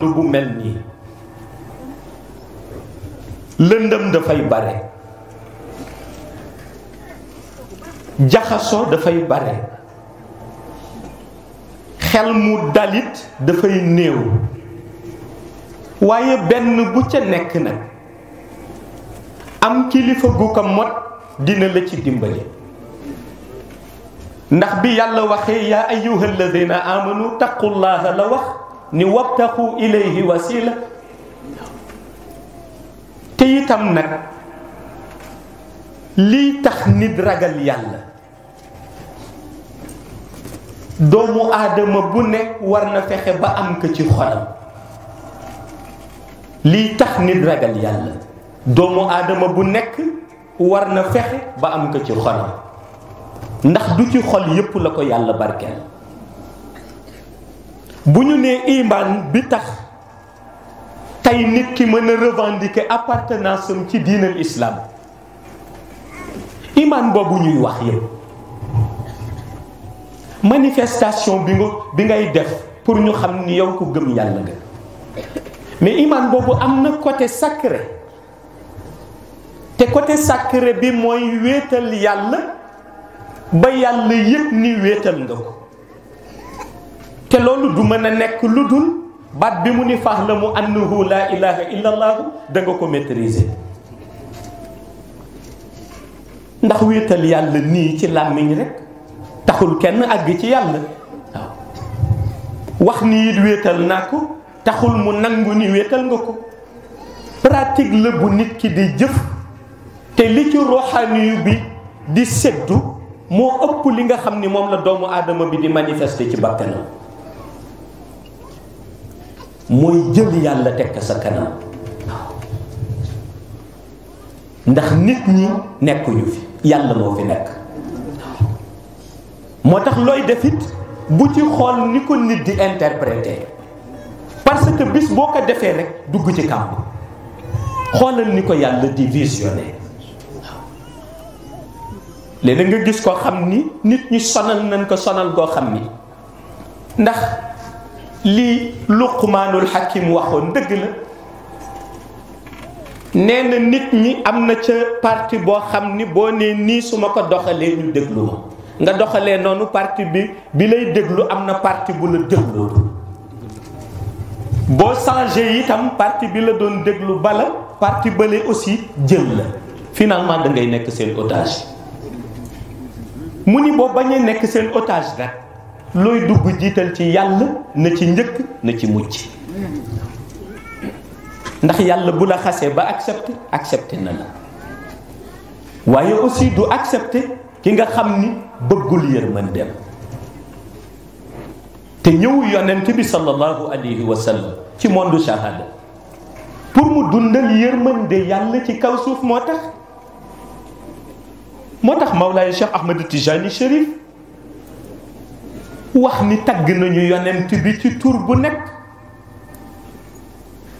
lu bu mel nii lëndëm dafay bare jaxasoo dafay bare xel mu dalit dafay néew waaye benn bu ca nekk nag am kilifa gu ko mot dina la ci dimbali ndax bi yàlla waxe yaa ayyuha alladina amanu taqullaha la wax ni wabtaxu ilayhi wasila te itam nag lii tax nit ragal yàlla doomu aadama bu nekk war na fexe ba am ko ci xolam lii tax nit ragal doomu aadama bu nekk war na fexe ba am ko ndax du ci xol yépp la ko yàlla barkeel bu ñu nee imaan bi tax tey nit ki mën a revendiquer appartenance am ci diinal islaam imaan boobu ñuy wax yëpp manifestation bi nga bi ngay def pour ñu xam ni yow ko gëm yàlla nga mais imaan boobu am na côté sacré te côté sacré bi mooy wéetal yàlla ba yàlla yëpp ni wéetal nga ko te loolu du mën a nekk lu dul baat bi mu ni faax la mu annahu laa ilaha illa allaahu da nga ko maîtriser ndax wéetal yàlla nii ci làmmiñ rek taxul kenn àgg ci yàlla wax ni it wéetal naa ko taxul mu nangu ni wéetal nga ko pratique la bu nit ki di jëf te li ci roxaaniyu bi di seddu moo ëpp li nga xam ni moom la doomu aadama bi di manifester ci bakkanam mooy jël yàlla tekk sa kanam ndax nit ñi nekkuñu fi yàlla moo fi nekk moo tax looy def defit bu ci xool ni ko nit di interpréter parce que bis boo ko defee rek dugg ci kàmb xoolal ni ko yàlla di visionné léeg nga gis koo xam ni nit ñi sonal nañ ko sonal koo xam ni ndax lii luqmaanul xakim waxoon dëgg la neena nit ñi am na ca parti boo xam ni boo nee nii su ma ko doxalee ñu déglu ma nga doxalee noonu parti bi bi lay déglu am na parti bu la déglu boo changé itam parti bi la doon déglu bala parti bële aussi jël la finalement da ngay nekk seen otage mu ni boo bañee nekk seen otage nag looy dugg jiital ci yàlla na ci njëkk na ci mucc ndax yàlla bu la xasee ba accepté accepté na la waaye aussi du accepté ki nga xam ni bëggul yërmandeem te ñëw yonent bi sallallahu alayhi wa sallam ci monde shahada pour mu dundal yërmande yàlla ci kaw suuf moo tax moo tax Mawlaay Cheikh Ahmed Tijani Chérif wax ni tagg nañu yonent bi ci tur bu nekk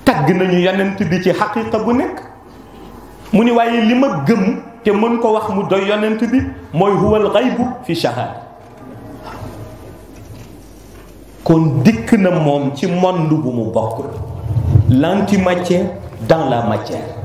tagg nañu yonent bi ci xaqiqa bu nekk mu ni waaye li ma gëm te mën ko wax mu doy yonent bi mooy huwal xaybu fi shahaada kon dikk na moom ci monde bu mu bokkul l'antimatière dans la matière